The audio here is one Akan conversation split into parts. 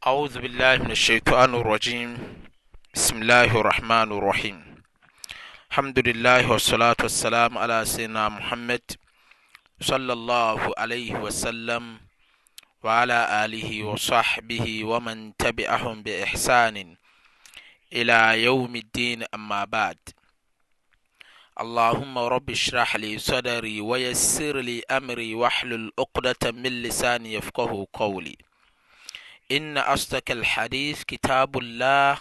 أعوذ بالله من الشيطان الرجيم بسم الله الرحمن الرحيم الحمد لله والصلاة والسلام على سيدنا محمد صلى الله عليه وسلم وعلى آله وصحبه ومن تبعهم بإحسان إلى يوم الدين أما بعد اللهم رب اشرح لي صدري ويسر لي أمري واحلل عقدة من لساني يفقه قولي إن أصدق الحديث كتاب الله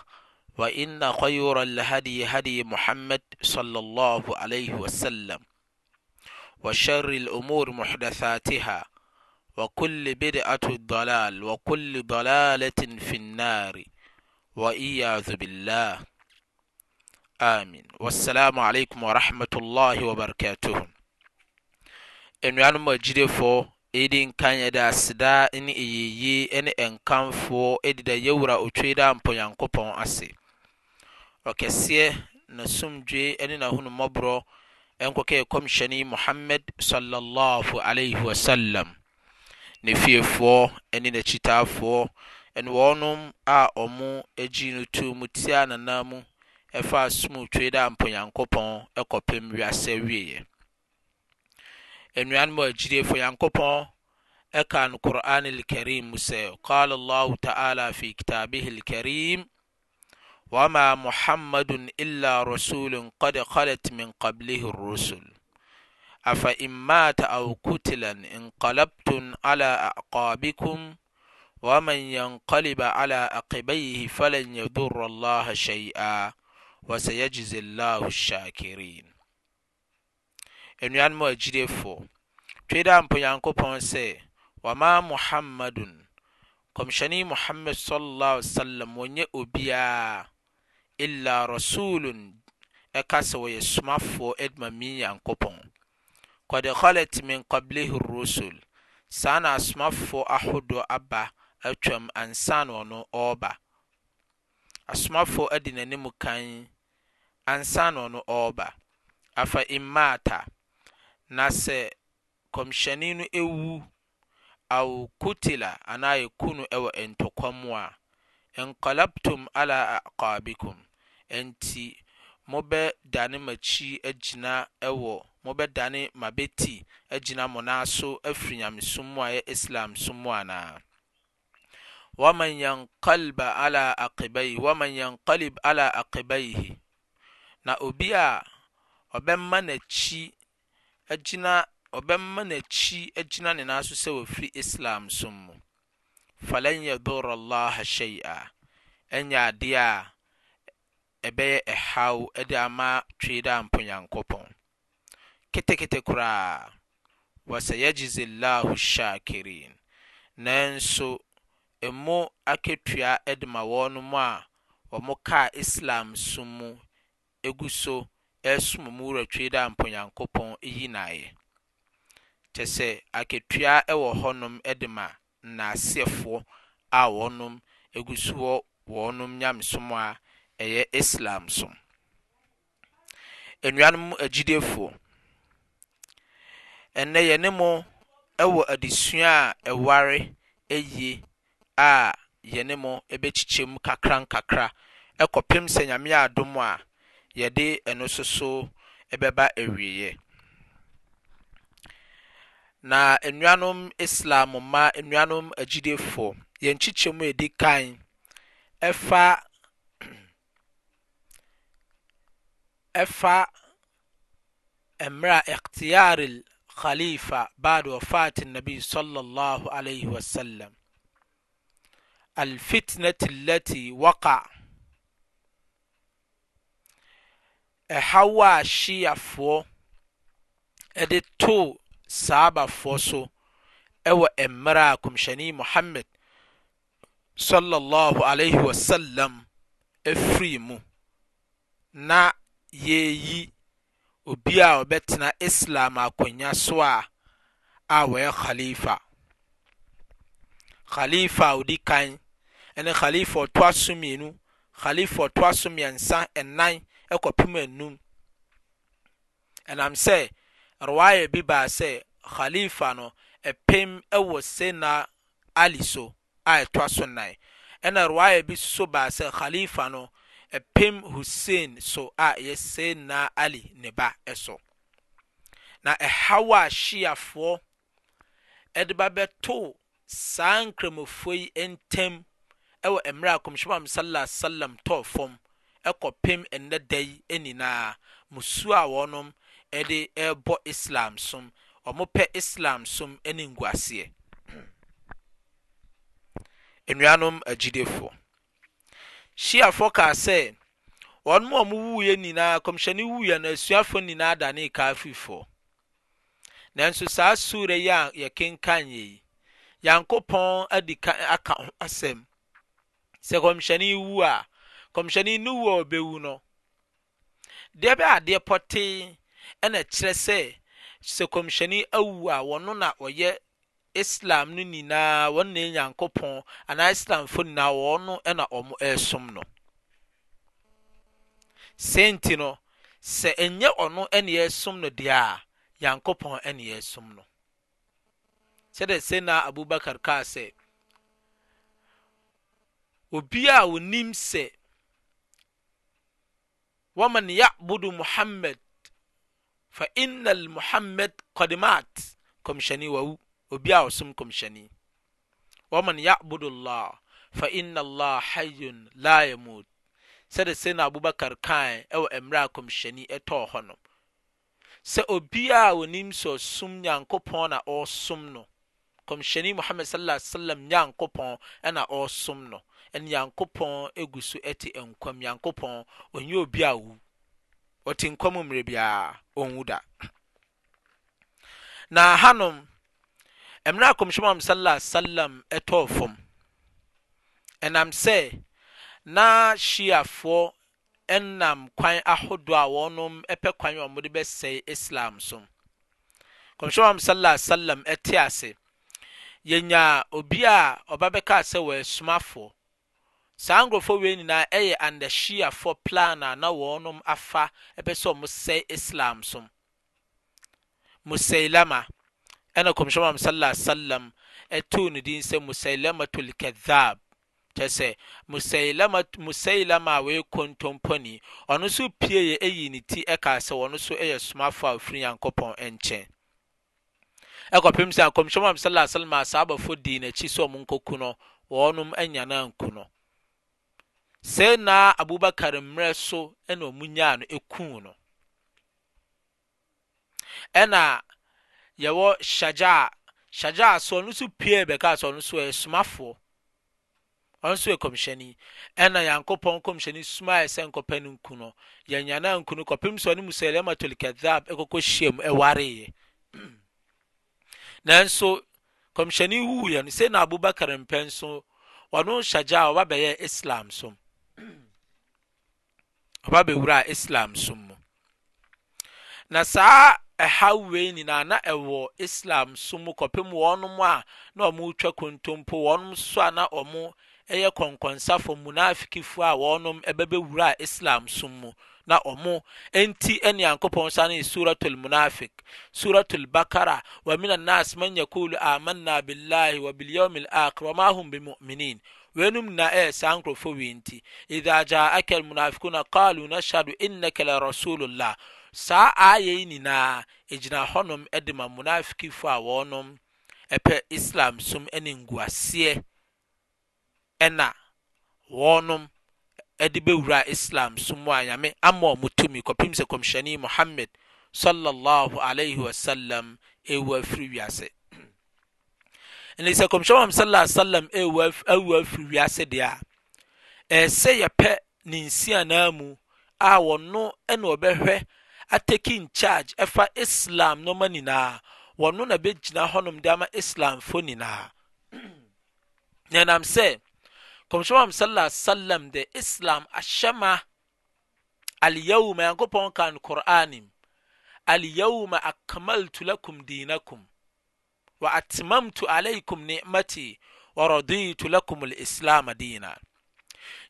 وإن خير الهدي هدي محمد صلى الله عليه وسلم وشر الأمور محدثاتها وكل بدعة ضلال وكل ضلالة في النار وإياذ بالله آمين والسلام عليكم ورحمة الله وبركاته إن يعني أجري فو ɛdi nkan yɛde asedaa ne ɛyiyi ne edi da yɛwura otwei da mpɔnyankopɔn ase ɔkɛseɛ n'asomdwe ne n'ahonomɔborɔ ɛnkɔkɛ kɔmhyɛne muhammad sallallahu alaihi wasallam ne fiefoɔ ne n'akyitaafoɔ ɛne wɔnom a ɔmo agyi no tu mu tia nana mu ɛfa asom otwei da mpɔnyankopɔn ɛkɔpem wiase wieɛ anuanom a agyirefo nyankopɔn ɛka no qur'an alkarim mu sɛ qala allahu ta'ala fi kitabihi alkarim وما محمد إلا رسول قد خلت من قبله الرسل أفإن مات أو قتلا انقلبتم على أعقابكم ومن ينقلب على عقبيه فلن يضر الله شيئا وسيجزي الله الشاكرين anuanom agyidefoɔ twa daa mpo nyankopɔn sɛ wɔma mohammadun kɔmhyɛne yi mohammad sslam wɔnyɛ obiara ila rasulun ɛka sɛ wɔyɛ somafoɔ aduma min nyankopɔn kad kɔlat min kablehi rrussul saa na asomafoɔ ahodoɔ aba atwam ananɔb asomafoɔ adin'ane mu kan ansane ɔno ɔɔba afa inmata na sɛ kɔmhyɛne no ɛwu aw kutila anaa yɛku no ɛwɔ ntɔkwa mu a nkalabtum ala aqabikum ɛnti mobɛdane makyi agyina ɛwɔ mobɛdane mabɛti agyina mo naa so afiri nyamesom mu a yɛ islam som mu anaa waman yankalba ala aqibai waman yankalib ala aqibaihi na obi a ɔbɛma n'akyi gyina ɔbɛma n'akyi agyina ne nan so sɛ wafiri islam so mu falan yadurra allaha shay'a ɛnyɛ adeɛ a ɛbɛyɛ ɛhaw de ama twe da mpo nyankopɔn ketekete koraa wasayagize llahu shakirin nanso ɛmo akatua de ma wɔn a wɔn kaa islam so mu egu so ɛsom mu wuratwie dɛ ampa nyankopɔn yi na ayɛ kyɛ sɛ akatua wɔ hɔnom de ma nnaasefoɔ a wɔnom egu so wɔ wɔnom nyamesom a ɛyɛ islam so nnuanom agyidefoɔ ɛnɛ yɛne mo wɔ adesua a ɛware yie a yɛne mo bɛkyekyɛ mu kakra nkakra ɛkɔpem sɛ nyame adom a yɛde ɛno soso ɛbɛba awieɛ na nnuanom islam ma nnuanom agyidefoɔ yɛn kyikyɛ mu yɛdi kan efa ɛfa mmerɛ a ikhtiyar khalifa bad wafat nabi sallallahu alayhi wasallam alfitnati allati waqa'a ɛhawaa syiyafoɔ de too saabafoɔ so ɛwɔ ɛmmerɛ a kɔmhyɛney mohammad swaslam afiri mu na yɛyi obia ɔbɛtena islam aakoyan so a a wɔyɛ alifa alifa a odi kan ne alifa ɔtoasomienu alifa ɔtoasominsa ɛnan ɛkɔ pem anum ɛnam sɛ rawaya bi baa sɛ khalifa no ɛpem ɛwɔ sena ali so a ɛtoa so nan ɛna rawaya bi so baa sɛ khalifa no ɛpem hussein so a ɛyɛ sena ali ne ba ɛso na ɛhaw a hyiafoɔ ɛde ba bɛto saa nkramofoɔ yi ntɛm ɛwɔ mmerɛ a kɔmhyɛm am sallallahu alaihi tɔɔ fam ɛkɔpem ɛnɛ da yi nyinaa musuo a wɔnom ɛde ɛrebɔ islam som wɔn pɛ islam som ne nguaseɛ nnuanom agyidefoɔ shiafoɔ kaa sɛ wɔn a wɔwuiɛ nyinaa kɔmhyɛne wuiɛ no asuafoɔ nyinaa dane kaafifoɔ nanso saa sura yi a yɛkenkan yɛ yi yankopɔn adi ka aka ho asɛm sɛ kɔmhyɛne wu a kɔmhyɛne no wu a ɔbɛwu no deɛ bɛ adeɛ pɔtee ɛna kyerɛ sɛ sɛ kɔmhyɛne awu a wɔno na ɔyɛ islam no nyinaa wɔn na nyankopɔn anaa islamfo nyinaa wɔn no ɛna wɔn ɛresom no senti no sɛ ɛnyɛ ɔno ɛna ɛresom no deɛ a nyankopɔn ɛna ɛresom no sɛdeɛ sena abubakar kaa sɛ obi a onim sɛ wɔman yabudu mohamad fainmuhamad codemat kɔmyniwu bi a ɔsomkɔmyni ɔman yabudu llah faina llah hayon la yamut sɛde se na abubakar kan ɛwɔ merɛ a kɔmhyani ɛtɔɔ hɔ no sɛ obia onim sɛsum nyankopɔn na ɔsom no kɔmuyɛni mohamed sslm nyankopɔn na ɔrɔsom no ɛne nyankopɔn egu so ɛte nkɔm nyankopɔn onyɛ obi a owu ɔte nkɔm mmerɛ biara ɔnwu da na hanom mmerɛ a kɔmhyɛm am sallam ɛtɔɔ fam ɛnam sɛ na hyiafoɔ ɛnam kwan ahodoɔ a wɔnom ɛpɛ kwan a wɔde bɛsɛe islam so kɔmhyɛm a sallallahu sallam ɛte ase yɛnya obi a ɔba bɛka sɛ wɔyɛ somafoɔ saa nkurɔfoɔ wei nyinaa ɛyɛ andashiafoɔ plan a na wɔnom afa ɛpɛ sɛ ɔmo sɛe islam som musailama ɛna kɔmhyɛn wa sallallahu sallam ɛtoo ne din sɛ musailama tol kadhab kyɛ sɛ musailama musailama a wɔyɛ kontompɔni ɔno nso pie yɛ ɛyi ne ti ɛka sɛ ɔno nso ɛyɛ somafoɔ a ofiri yankɔpɔn ɛnkyɛn ɛkɔpem sɛ kɔmhyɛn wa sallallahu sallam a saa abɔfoɔ dii n'akyi sɛ ɔmo nkɔku no wɔnom anya no anku no sɛe na abubakar mmerɛ so na ɔmo nyaa no ekum no ɛna yɛwɔ shagyaa shagyaa so ɔno nso pie bɛka so ɔno nso yɛ somafoɔ ɔno nso yɛ kɔmhyɛni ɛna yankopɔn kɔmhyɛni suma yɛ sɛ nkɔpɛ no nku no yɛnyana nku no kɔpem so ɔne musalema tol kadhab ɛkɔkɔ hyia ɛwareeɛ nanso kɔmhyɛni huuyɛ no sɛ na abubakar mpɛ nso ɔno shagyaa ɔba bɛyɛ islam so ɔbabwuraislam som mu na saa ɛha wei nyinaa na ɛwɔ islam so mu kɔpem wɔnom a na ɔmo twa kontompo ɔnom so ana ɔmo yɛ kɔnkɔnsafo monafikifo a wɔnom bɛbɛwuraa islam som mu na ɔmo nti neyankopɔn soa ne surat almonafic surat albakara wa minanas man yakulu amanna bilahi wabiyam alahira wamahom bimuminin wɔnum na ɛyɛ e saa nkurɔfoɔ wei nti idha jaaka almunafikuna qalu nashhadu innaka la rasulullah saa aayɛ yi nyinaa ɛgyina e hɔnom de ma munafikifo a wɔnom ɛpɛ e islam som ne nguaseɛ ɛna wɔnom ɛde bɛwura islam som a nyame ama ɔmo tumi kɔpem sɛ kɔmhyɛne muhammad sallallahu alaihi wasallam ɛwu afiri wiase ɛnna sɛ kɔmhyɛn wɔn sallallahu alaihi wasallam ɛwɔ awu afiri wiase deɛ a ɛsɛ yɛpɛ ne nsia naa mu a wɔno ɛna ɔbɛhwɛ ataking charge ɛfa islam nɔɔma nyinaa wɔno na bɛgyina hɔnom de ama islamfo nyinaa nenam sɛ kɔmhyɛn wɔn sallallahu alaihi de islam ahyɛma aliyahu ma yankopɔn kan kor'anim aliyahu ma lakum diinakum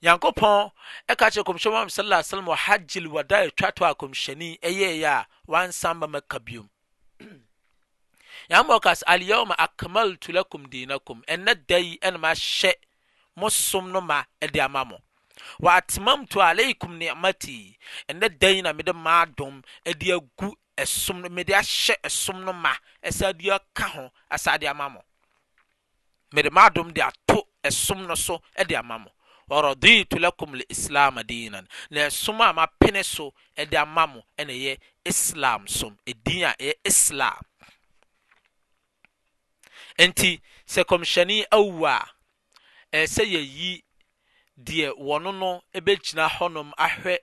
nyankopɔn ɛka kye komsyɛ asm ahagilwada twato akomsyɛni ɛyɛyɛa wansam ba ma kabiom nyaboɔkas alyouma acmaltulacum dinacum ɛna dai nemahyɛ mosom no ma de ama mɔ wa atmamto alaikum nimati ɛna dai na mede maadom di agu mede ahyɛ ɛsom no ma ɛsadea ka ho asade ama mɔ mede maadom de ato som no so de ama mɔ wradito lacum leislama dinan na ɛsom amapene so de ama mo ɛneyɛ islam som ɛdin a yɛ islam nti sɛ kɔmhyɛne yi awu asɛ yɛyi deɛ wɔno no bɛgyina hɔnom ahwɛ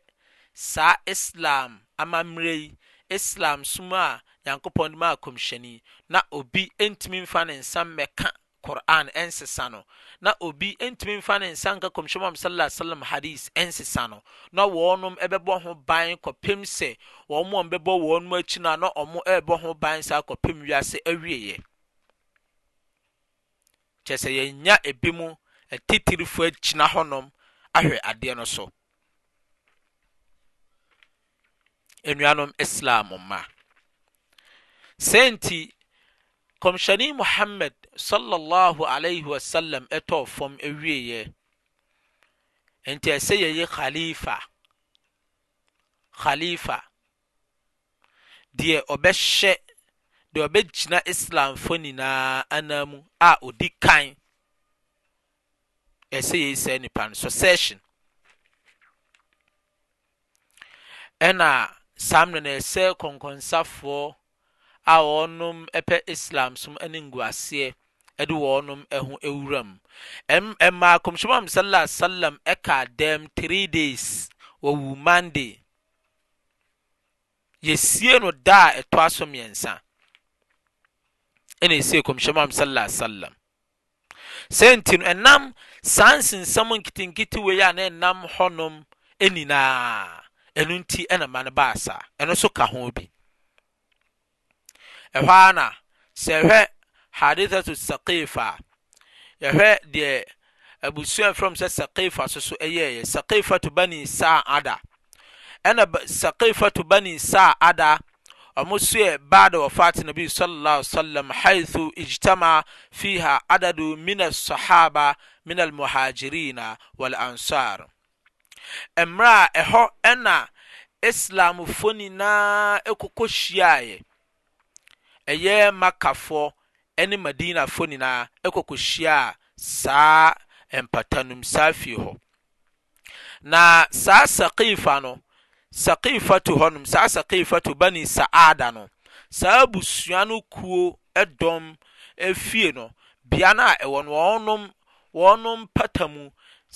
saa islam amammerɛ yi islam som a nyankopɔn ma akɔmhyɛni na obi ntumi mfa ne nsa mmɛka quran ɛnsesa no na obi ntumi mfa ne nsa nka kɔmhyɛ mu sallallahu alaihi wasallam hadis ɛnsesa no na wɔnom ɛbɛbɔ ho ban kɔpem sɛ wɔn mu ɔmbɛbɔ wɔn mu akyi na na ɔmo ɛbɔ ho ban saa kɔpem wiase awieɛ kyɛ sɛ yɛnya ebi mu atitirifoɔ agyina hɔnom ahwɛ adeɛ no so nnuanom islam ma senti nti muhammad sallallahu alaihi wasallam ɛtɔɔ fam awieɛ nti ɛsɛ yɛyɛ khalifa khalifa deɛ ɔbɛhyɛ deɛ ɔbɛgyina islamfo nyinaa anamu a odi kan ɛsɛ yɛyi sɛ nipa no succession ɛna saa mmerɛ no ɛsɛ kɔnkɔnsafoɔ a wɔnom pɛ islam som ne nguaseɛ de wɔnom ho wura mu mmaa kɔmhyɛm am sallallahu alaihi wasallam e ka dɛm three days wɔwu monday yɛsie no da a ɛtɔ aso mmiɛnsa ɛna e ɛsie kɔmhyɛm am sallallahu alaihi wasallam sɛ nti no ɛnam saa nsensɛm nketenkete wei a na ɛnam hɔnom e nyinaa ɛno nti ɛna ma no baa saa ɛno nso ka ho bi ɛhɔ ara na sɛ ɛhwɛ hadithatu sakifa yɛhwɛ deɛ abusua fam sɛ sakifa so so ɛyɛɛyɛ sakifa to bani saa ada ɛna sakifa to bani saa ada ɔmo so yɛ baada wɔfaate nabi sallallahu sallam haithu ijtama fiha adadu min sahaba min almuhajirina wal ansar mmerɛ a ɛhɔ ɛna islamfo nyinaa ɛkokɔ hyiaaeɛ ɛyɛ makafoɔ ne madinafo nyinaa ɛkɔkɔhyia a saa mpata nom saa fie hɔ na saa sakifa no sakifa to hɔ nom saa sakifa to bani saada no saa busua no kuo dɔm fie no bia na a ɛwɔ no ɔnom pata mu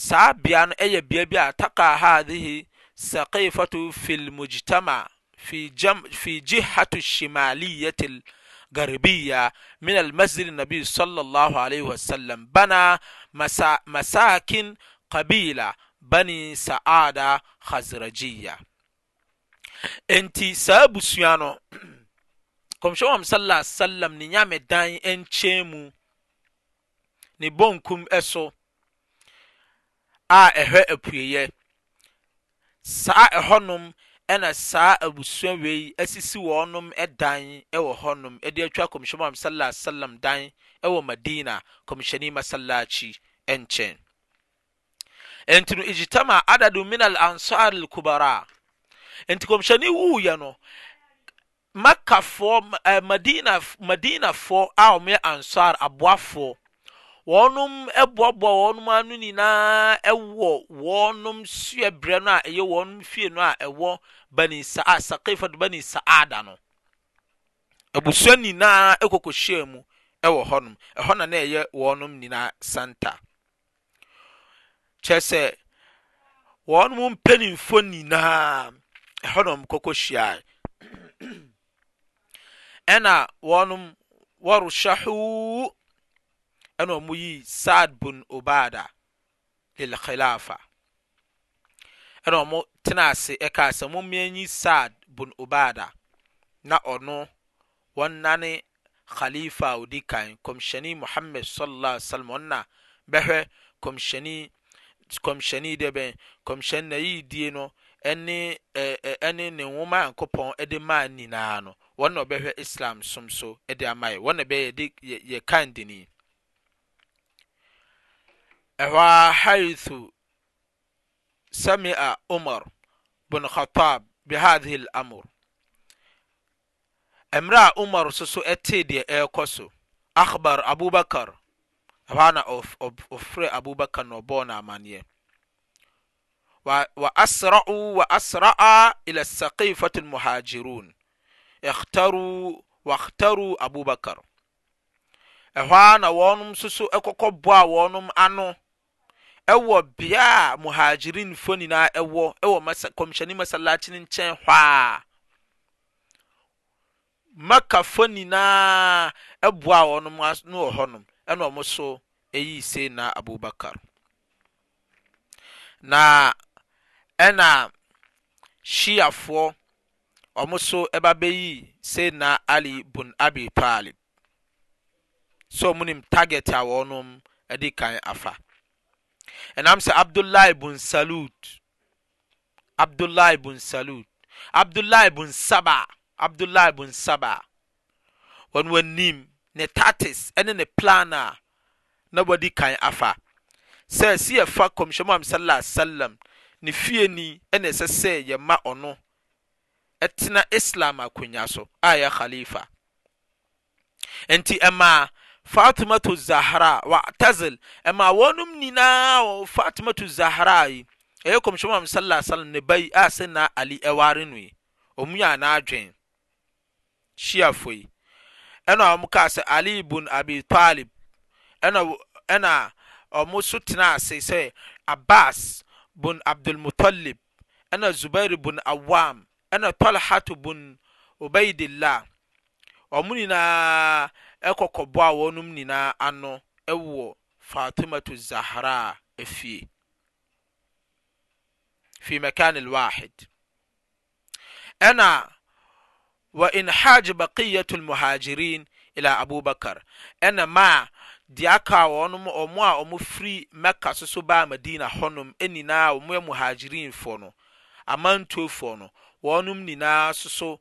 saa bea no yɛ bea bi a taka hadhihi saqifatu fi lmujtama fi jihatu shimaliyati الغربية من المسجد النبي sallallahu الله عليه وسلم بنى مسا مساكن bani sa'ada khazrajiya enti saa busua no kɔmhyɛ wam sallallahu alaihi wasallam ne nyame dan nkyɛn mu ne bonkum ɛso a ɛhwɛ apueeiɛ saa ɛhɔnom ɛna saa abusuawei asisi wɔɔnom dan wɔ hɔnom ɛde atwa kɔmisyin moham salilah salam dan wɔ madina komihyɛne i masalachi nkyɛn ɛnti no igtamar adadu min al ansar al kobara nti kɔmhyɛne wuu iɛ no makkafoɔ eh, madinafoɔ a ɔmyɛ ansar aboafoɔ wɔnom boaboa wɔnom ano nyinaa wɔ wɔnom suabrɛ no a ɛyɛ wɔnom fie no a ɛwɔ bani saa sakifat bani saada no abusua nyinaa kɔkɔhyia mu wɔ hɔnom ɛhɔ na na ɛyɛ wɔnom nyinaa santa kyerɛ sɛ wɔnom mpanimfo nyinaa ɛna wɔnom wɔrehyɛ ɛna ɔmo yi saad bun obada lil khilafa ɛna ɔmo tena ase ɛka sɛ mo mmea saad bun obada na ɔno wɔn nane khalifa a odi kan kɔmhyɛni muhammed sallallahu alaihi wa sallam ɔnna bɛhwɛ kɔmhyɛni kɔmhyɛni deɛ bɛn kɔmhyɛni na yi die no ɛne ɛɛ ɛne ne nwoma nkopɔn ɛde maa nyinaa no wɔn na ɔbɛhwɛ islam som so ɛde ama yɛ wɔn na bɛyɛ yɛ kan deni. ɛhɔ a haithu sami'a umar bin khattab bi hadhihi al-amr mmerɛ a umar so so ɛtee deɛ ɛrekɔ so akhbar abubakar ɛhɔ na ɔfrɛ abubakar na ɔbɔɔ no amanneɛ وأسرعوا وأسرع إلى السقيفة المهاجرون اختاروا واختاروا أبو بكر ɛhɔ a na wɔnom nso so kɔkɔboa ano ɛwɔ bea a muhagirinfoɔ nyinaa ɛwɔ ɛwɔ masa kɔmhyɛne masalakye ne nkyɛn hɔ a makafoɔ nyinaa ɛboa wɔn no wɔ hɔnom ɛna ɔmo so eyi sei na abubakar na ɛna shiafoɔ ɔmo so ɛba bɛyi sei na ali bun abi talib so wɔn nim target a wɔn ɛde kan afa. ɛnam sɛ abdullah bn salud abdullah bn salut abdulah bn saba abdulah bn sabaa ɔnoanim ne tartis ɛne ne plan a na wadi kan afa sɛ si yɛfa komhyɛm am salla salam ne fieni ne ɛsɛ sɛ yɛma ɔno ɛtena islam akonya so a yɛ halifa ntiɛma fatimatu zahra wa'tazil ɛma wɔnom nyinaa wɔ fatimatu zahra yi ɛyɛ kɔmhyɛm am sallallahu alaihi wasallam ne bayi a sɛ na ali ɛware no yi ɔmu yɛ anaadwen shiafo yi ɛna ɔmo kaa sɛ ali ibn abi talib ɛna ɛna ɔmo so tena ase sɛ abbas bun abdul mutallib ɛna zubair bun awam ɛna talhat bun ubaidillah ɔmo nyinaa ɛkɔkɔboa wɔnom nyinaa ano ɛwɔ fatimatu zahra efie fi makan lwahid ɛna wa in inhaj baqiyatu almuhajirin ila abubakar ɛna ma deɛ aka wɔnom ɔmo a ɔmo firi mɛka soso baa madina hɔnom nyinaa ɔmo yɛ muhajirinfoɔ no amantuofoɔ no wɔnom nyinaa soso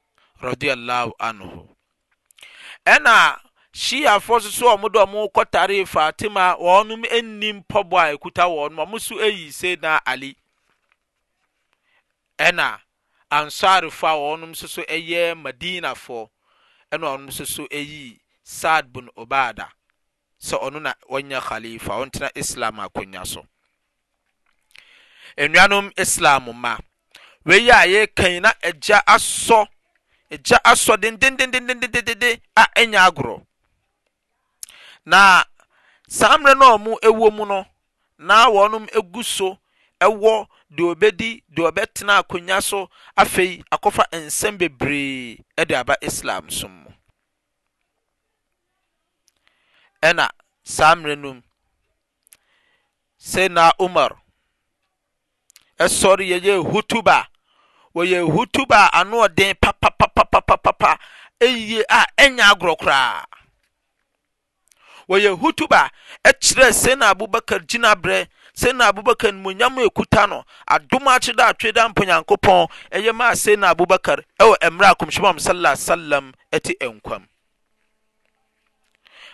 radiallahu anhu ɛna shiafoɔ nso so wɔn de wɔn kɔtare fatima wɔn anim mpɔbɔ a ekuta wɔn wɔn nso ayi sena ali ɛna ansarifoɔ a wɔn nso so yɛ madinafoɔ ɛna wɔn nso so ayi saad bin obada sɛ ɔno na wɔnyɛ khalifa ɔntena islam akonnwa so nnuanom islam ma wei a yɛkan na agya asɔ gya asọ dendendendendendendende a anya agorɔ na saa mmerɛ no a ɔmo ɛwɔ mu no na wɔnom egu so ɛwɔ deɛ ɔbɛdi deɛ ɔbɛtena akonnwa so afei akɔfa nsɛm bebree ɛde aba islam so mu ɛna saa mmerɛ no mu sɛ na umar ɛsɔre yɛyɛ hutuba wɔyɛ hutuba a ano ɔden papapapapapa ɛyie a ɛnya agorɔ koraa wɔyɛ hutuba ɛkyerɛ sena abubakar gyina berɛ sena abubakar nmunyam ekuta no adom akyerɛ dɛ atwe dɛ mponyankopɔn ɛyɛ maa sena abubakar ɛwɔ mmerɛ a kɔmhyɛmam sallallahu ɛte nkwam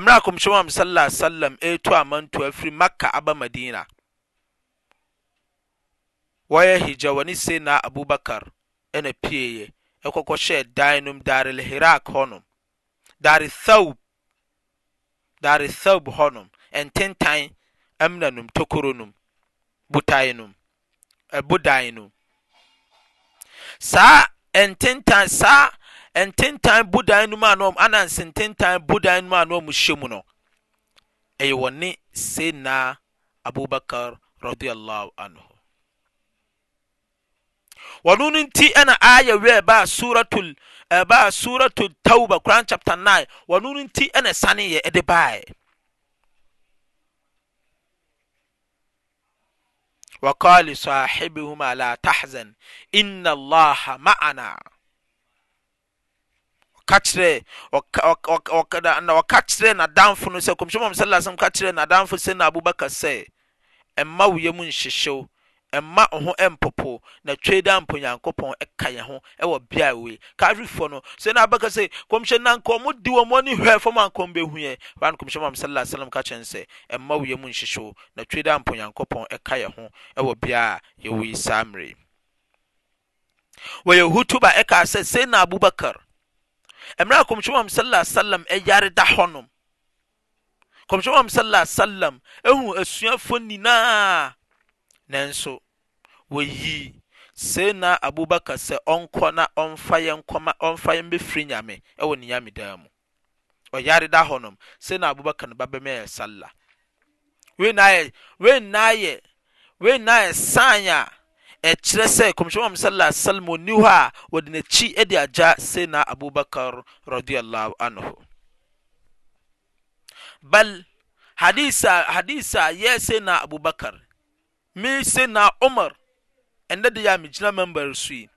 mmerɛ kɔmtoam salala salam to amanto afiri makka aba madina wɔyɛ hegya wne seena abubakar na pue ɛkɔ kɔ hyɛɛ da num daar lhirak hɔ nm da dtb ɔ n ntetandnum an nttabdnunsnttdnunsyamu n yɛwn seena abbakar nnti naaya wesurat toba kora chap9 n nt na sane de baasahmaltza inman ɔka kyerɛ na ɔka kyerɛ n'adamfo no sɛ kɔmhyɛn mɔmɔ sɛlɛ asɛm ka kyerɛ n'adamfo sɛ na abubakar sɛ ɛmma wo yam nhyehyew ɛmma ɔho ɛmpopo na twɛ da mpo nyankopɔn ɛka yɛn ho ɛwɔ bea wei kaafifoɔ no sɛ na abaka sɛ kɔmhyɛ na nka ɔmo di wɔn ani hwɛ fam a nkɔm bɛhu yɛ wɔn no kɔmhyɛ mɔmɔ sɛlɛ asɛm ka kyerɛ sɛ ɛmma wo yam nhyehyew na twɛ da mpo nyankopɔn ɛka yɛn ho ɛwɔ bea yɛwɔ yi saa mmerɛ wɔyɛ hutuba ɛka sɛ sɛ na abubakar mmerɛ a kɔmhyɛm sallallahu alaihi wasallam ɛyare da hɔnom kɔmhyɛm sallallahu alaihi wasallam ehu asuafo nyinaa nanso woyi sena abubakar sɛ ɔnkɔ na ɔmfa yɛn kɔma ɔmfa yɛn bɛfiri nyame ɛwɔ ne nyame dan mu ɔyare da hɔnom sena abubakar no ba yɛ sallah wei na ayɛ wei na ayɛ wei na ayɛ san a ɛkyerɛ sɛ komyiam ssm ɔni hɔ a wɔdenakyi de agya sena abobakar radhanh bal hadis a yɛ sena abobakar me senaa omar ɛndɛde yɛa megyina member su i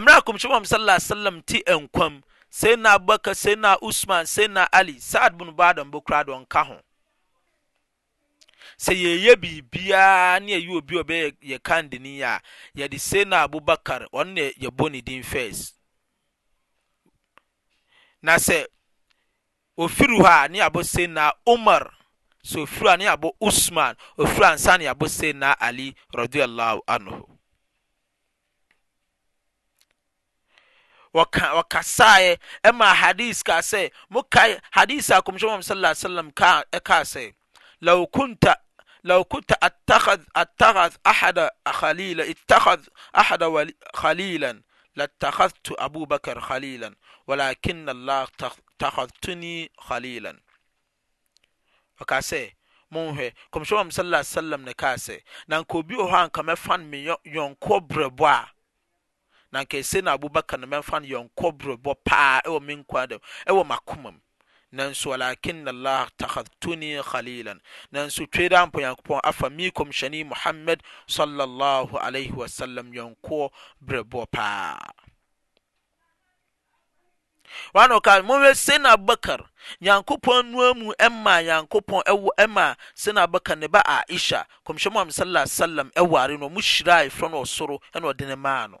merɛ a komnkyimam saslm nti nkwam sena abobakar sena usman sena ali saad bunbaadam bokradoka ho sɛ yeyɛ biribiaa ne ɛyɛbi ɔyɛkandenia yɛde seena abobakar ɔnn yabɔ neden firs nasɛ ofiri hɔ a ne abɔseennaa omar sɛfirɔneb usman firinsanebɔsɛenaa ali raanh ɔka saɛ ma hadice asɛ m hadicakɔmɛ saaslam ka sɛ la kta لو كنت أتخذ أتخذ أحد خليل اتخذ أحد خليلا لاتخذت أبو بكر خليلا ولكن الله اتخذتني خليلا وكاسي monhwɛ kɔmhyɛ wam sala salam ne kaa sɛ na nka obi wɔ hɔ a nka mɛfa no me yɔnkɔ berɛbɔ a na nka ɛse na abubakar no mɛmfa no yɔnkɔ berɛbɔ paa ɛwɔ me nkwa dɛm ɛwɔ makoma mu nasalkinlh thastu ni kalilan nanso twe daampo nyankopɔn afa mi kɔmhyɛne mohamad swslam yɛnkɔ berɛbɔ paanmowɛ senaabobakar nyankopɔn noamu ma nyankopɔn ma sanabobakar ne ba aisha kmyɛ moam ssalam ɛware no mo hyiraafrɔ no ɔsoro n ɔden maano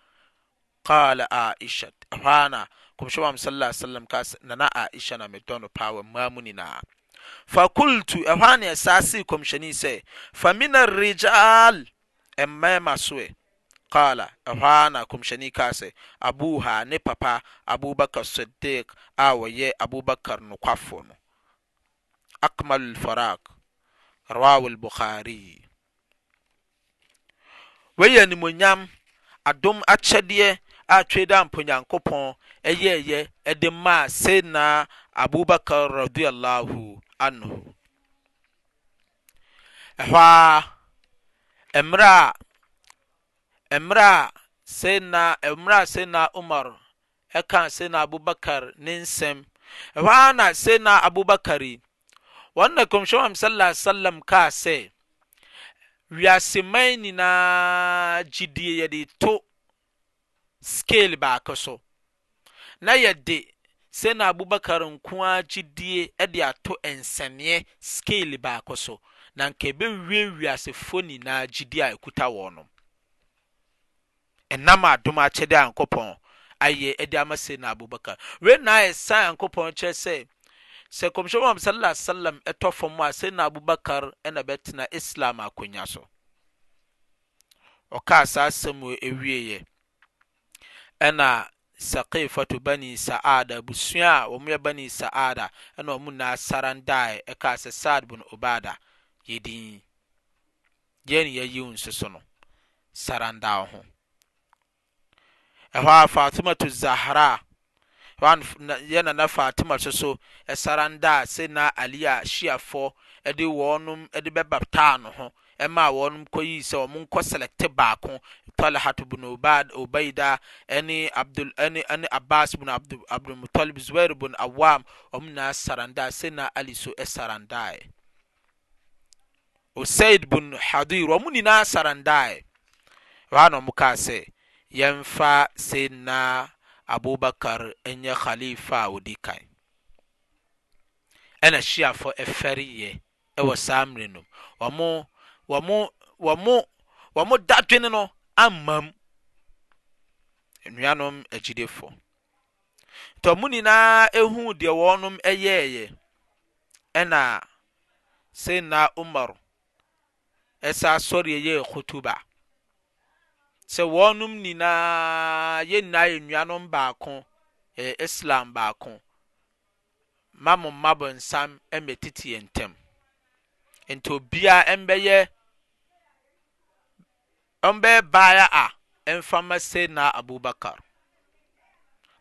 aatnasamawmamnia aklt hnsasekomsns famin arijal mmashna a abuhaneppa abubakar sdk wy abbakar nk arweynimoyam adm c atwe dɛ ampo nyankopɔn ɛyɛyɛ de maa saina abubakar radilhuanho hɛmerɛa seidna omar ɛka sedna abubakar ne nsɛm hɔ a na serna abubakaryi wɔnna kɔmswɛ am saala salam kar sɛ wiaseman nyinaa gyedie yɛde to scale baako so na yɛde sena abubakar nkoa gyidie ɛde ato nsɛmeɛ scale baako so na nka ɛbɛwiewie asefoɔ nyinaa gyidie a ɛkuta wɔn no ɛnam adom akyɛde a nkɔpɔn ayɛ de ama sena abubakar wei na ayɛ san nkɔpɔn kyɛ sɛ sɛ kɔmhyɛn muhammad sallallahu alaihi wasallam ɛtɔ fam a sena abubakar ɛna bɛtena islam akonnwa so ɔkaa saa asɛm wɔ yɛ. ɛna sakihato bani saada busua a ɔmoya bani saada ɛna ɔmunaa saranda ɛka sɛ said bun obada ydi gyene yaayi su so no sarandawɔ ho ɛhɔ fatimato zahra yɛnana fatoma soso ɛsaranda sɛna alia syiafɔ de wɔɔnode bɛbataa no ho ɛma wɔn kɔyi sɛ wɔn nkɔ select baako talha bin obad obaida ɛne abdul ɛne ɛne abbas bin abdul abdul mutalib zubair bin awam wɔn nyinaa saranda sena ali so ɛsarandaɛ osaid bin hadir wɔn nyinaa sarandaɛ wɔn a wɔn kaa sɛ yɛmfa sena abubakar ɛnyɛ khalifa a odi kan ɛna shiafo ɛfɛriyɛ ɛwɔ saa mmerɛ no wɔn wɔn wɔn wɔn dadwene no amam nnuanom agyidefo tɔ mu nyinaa ehu deɛ wɔnom ɛyɛɛyɛ ɛna sena umar ɛsa asɔre yɛ kutuba sɛ wɔnom nyinaa yɛ nyinaa yɛ nnuanom baako ɛyɛ islam baako mamu mmabɔ nsam ɛmɛ titi yɛn ntam nti obiara ɛmbɛyɛ. ɔm bɛɛ baa ya a ɛmfa ma seedinaa abubakar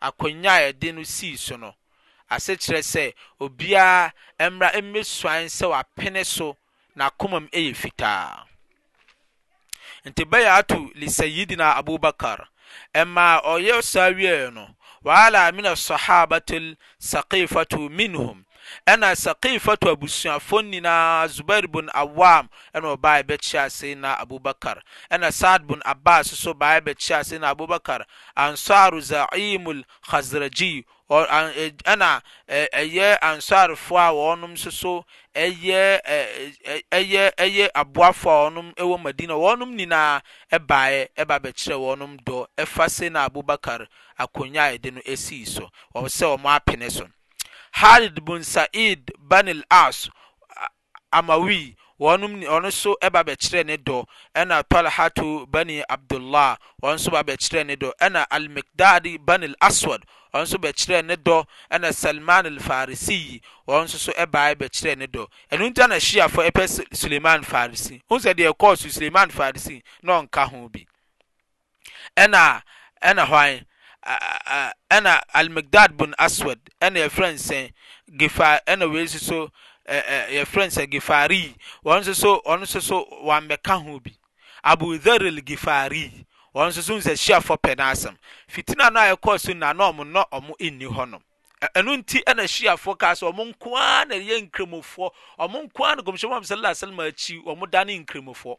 akwonyaa ɛde no sii so no asekyerɛ sɛ obiara ɛmmra mmɛsuan sɛ wɔapene so nakomam ɛyɛ fitaa nti bɛya ato lesayidinaa abubakar ɛmaa ɔyɛ saa wieɛ no wa ala min asahabata l sakifatu minhum ɛna sakifatu abusuafo nyinaa zubair bun awam ɛna ɔbaa bɛkyi ase na abubakar ɛna saad bin abbas nso baa bɛkyi ase na abubakar ansar zaimul khazraji ɛna ɛyɛ ansarfoɔ a wɔnom nso so ɛyɛ ɛyɛ ɛyɛ aboafoɔ a wɔnom ɛwɔ madina wɔnom nyinaa ɛbaeɛ ɛba bɛkyerɛ wɔnom dɔ ɛfa se na abubakar akonnwa a yɛde no esii so wɔn sɛ wɔn apene so. hared bun said banlas amawi nso ba bɛkyerɛ ne dɔ ɛna talhato bani abdulah ɔnsoba bɛkyerɛ ne dɔ ɛna almikdadi ban laswod ɔnsobɛkyerɛ ne dɔ ɛna salman alfarisiy ɔnso ba bɛkyerɛ ne dɔ ɛno ta nasyiafo pɛ suleman farisin sɛdeɛks suleman farisi na ɔnka ho bi na ɛna almigdad bun aswad ɛna yɛfrɛ nsɛn gifa ɛna wei nso so yɛfrɛ nsɛn gifari wɔn nso so wɔn nso so wɔamɛka ho bi abu dharil gifari wɔn nso so nsɛ hyiafo pɛ n'asɛm fitina no a yɛkɔɔ so na na ɔmo nɔ ɔmo nni hɔnom ɛno nti ɛna hyiafo kaa sɛ ɔmo nkoa na yɛ nkremofoɔ ɔmo nkoa na gɔmhyɛ mu sallallahu alaihi wasallam akyi ɔmo dane nkremofoɔ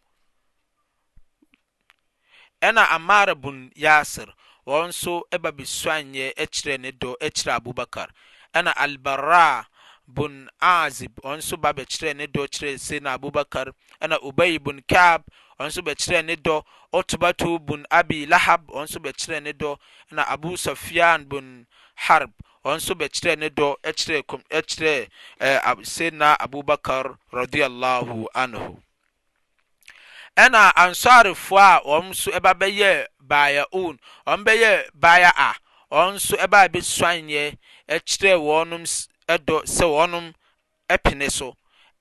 ɛna amara bun yasir nso babsuany krɛn dkyere abubakar na albara bn azib sbkyerɛn dksn abbakar n oba bn kab sekyerɛn dtato bn abi lahab skrɛn dn abu safian bn harbsoekyerɛn dna abaka na ansoarefoa s byɛ baayaun ɔmo bɛyɛ baaya a ɔmo nso ɛbaa bɛsuaneɛ ɛkyerɛ wɔnom ɛdɔ sɛ wɔnom ɛpene so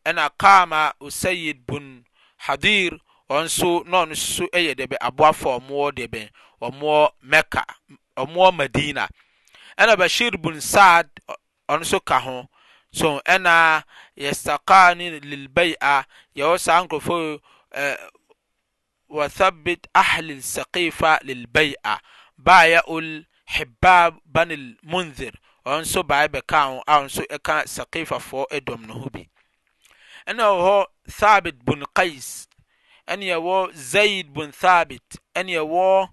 ɛna kaama osayid bun hadir ɔno nso na ɔno nso yɛ dɛbɛ aboafo ɔmoɔ dɛbɛ ɔmoɔ mɛka ɔmoɔ madina ɛna bashir bun saad ɔno nso ka ho so ɛna yɛsaka ne lilbai a yɛwɔ saa nkurɔfoɔ ɛɛ وثبت أهل السقيفة للبيعة بايع الحباب بن المنذر ونسو بايع بكاو ونسو إكا سقيفة فو إدوم نهوبي أنه هو ثابت بن قيس أن يو زيد بن ثابت أن يو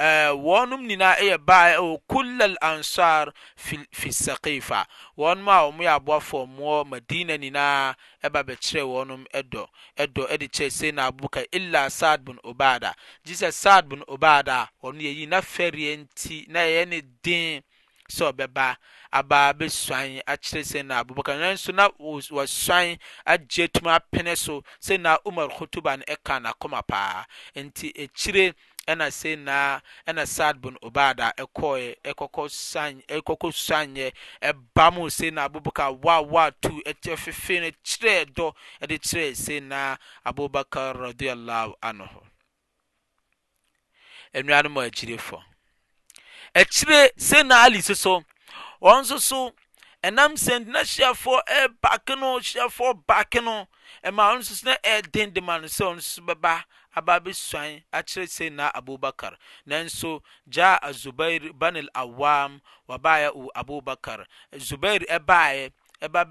Eh, wɔnom nyinaa yɛ e baa ɛwɔ kullal ansar fi sakifa wɔnom a wɔn yɛ aboafoɔ moɔ madina nyinaa ɛba bɛkyerɛ wɔnom ɛdɔ ɛdɔ ɛde kyerɛ sɛ na e e abubakar illa saad bin obada gye sɛ saad bin obada wɔn yɛ yi na fɛreɛ nti na ɛyɛ ne den sɛ ɔbɛba abaa bɛsuan akyerɛ sɛ na abubakar nanso na wɔsuan agye tuma apene so sɛ na umar khutuba no ɛka n'akoma paa nti ekyire ɛna sei na ɛna sad bun obada ɛkɔɛ ɛkɔkɔ san ɛkɔkɔ na abubakar tu ɛkyɛ fefe no kyerɛ dɔ ɛde kyerɛ na abubakar radiyallahu anhu ɛnuanom a akyirefo ɛkyire sei na ali soso wɔn nso enamsetina siafo baksafo bakn ma nsusn edendemas ns bba ababe sa akeresena abobakar neso ja azobair bane lawam aba abobakar zobair ba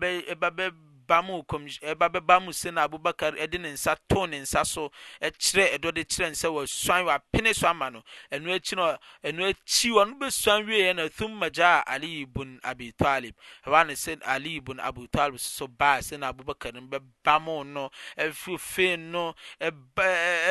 bamu kɔmis ɛba eh, bɛba mu sɛ na abubakar ɛde eh, ne nsa too ne nsa so ɛkyerɛ eh, ɛdɔ de kyerɛ nsa wɔ suan wɔ apene so ama no ɛnu akyi no ɛnu akyi wɔn bɛ suan wie yɛ na thum magya ali ibun abi talib ɛwa ne sɛ ali ibun abu talib so baa sɛ na abubakar no bɛba mu no ɛfiri fɛn no ɛba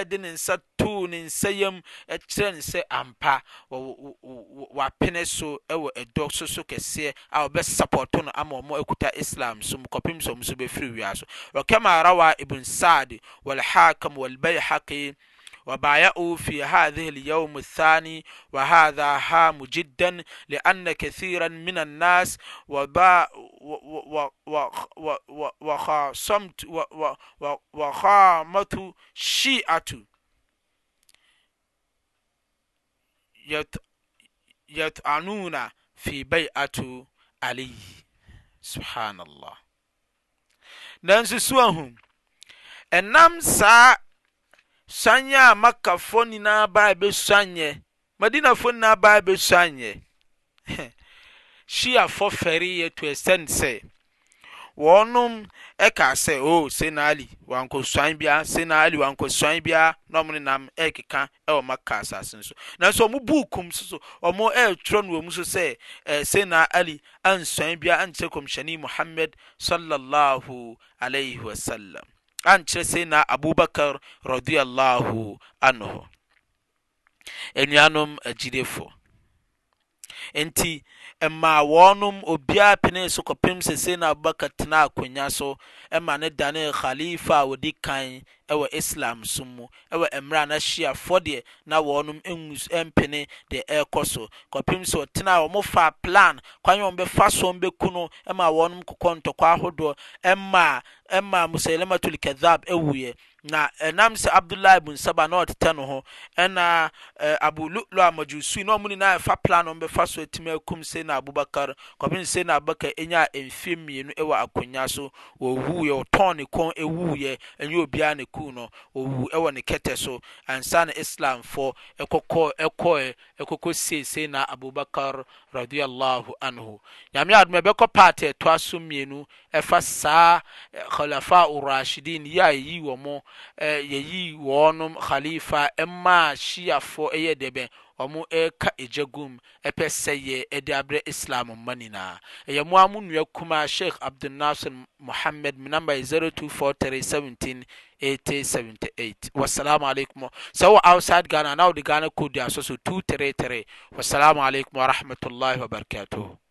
ɛde ne nsa ɔtuu ne nsayam kyerɛ ne sɛ ampa wapene so wɔ ɛdɔ soso kɛseɛ a wɔbɛsapɔto no ama ɔmo akuta islam so mu kɔpem sɛ ɔmo so bɛfiri wia so wɔkɛma rawa ibn saad والحاكم والبيحقي وبايعوا في هذه اليوم الثاني وهذا هام جدا لأن كثيرا من الناس وبا وخاصمت وخامة شيعة ytfb elnnsusu ah ɛna saa saɛ aaafmadinfniabsasaffr tos wɔnom ɛka e sɛ o senali wankɔsuan bia senali wankɔsuan bia e e na ɔmo nenam ɛkeka ɛwɔ maka asase nso nanso ɔmo buukum soso ɔmo ɛɛtwerɛ no wɔn so sɛ ɛɛ senali ansuan bia ankyerɛ kɔmhyɛni muhammed sallallahu alayhi wa sallam ankyerɛ sena abubakar radiyallahu anhu anuanom agyidefo nti. ɛmaa wɔnom obiara pene so kɔpem sese na abubakar tena akonnwa so ɛma ne dane khalifa a wɔdi kan ɛwɔ islam so mu ɛwɔ mmerɛ na shia deɛ na wɔnom mpene deɛ ɛrekɔ so kɔpem sɛ ɔtena a wɔmofa plan kwan wɔn bɛfa so wɔn bɛku no ma wɔnom kokɔ ahodoɔ ɛma ɛma na ɛnam sɛ abdullahi bin na ɔtetɛ no ho ɛna abu na ɔmo nyinaa plan ɔmo bɛfa so atumi akum se na abubakar kɔpem se na abubakar enya mfe mmienu ɛwɔ akonnwa so wɔwuiɛ ɔtɔn ne kɔn sukuu no owu ɛwɔ ne kɛtɛ so ansan na islamfoɔ ɛkɔkɔ ɛkɔɛ ɛkɔkɔ siesie na abubakar radiyallahu anhu nyame adoma ɛbɛkɔ paati ɛtoa so mmienu ɛfa saa eh, khalafa urashidin yi a yɛyi wɔn mo ɛɛ eh, yɛyi wɔnom khalifa ɛmaa shiafoɔ ɛyɛ dɛbɛn amu e ka ejagum epssayye e dabde islamu manina eyamu amunewa kuma sheikh abdunaser muhammad nambai 0243 17 8t78 wasalamu aleykum sawo aw sat gana anawde gana kodi asoso tu tere tere wasalamu aleikum warahmatullahi wabarakatuh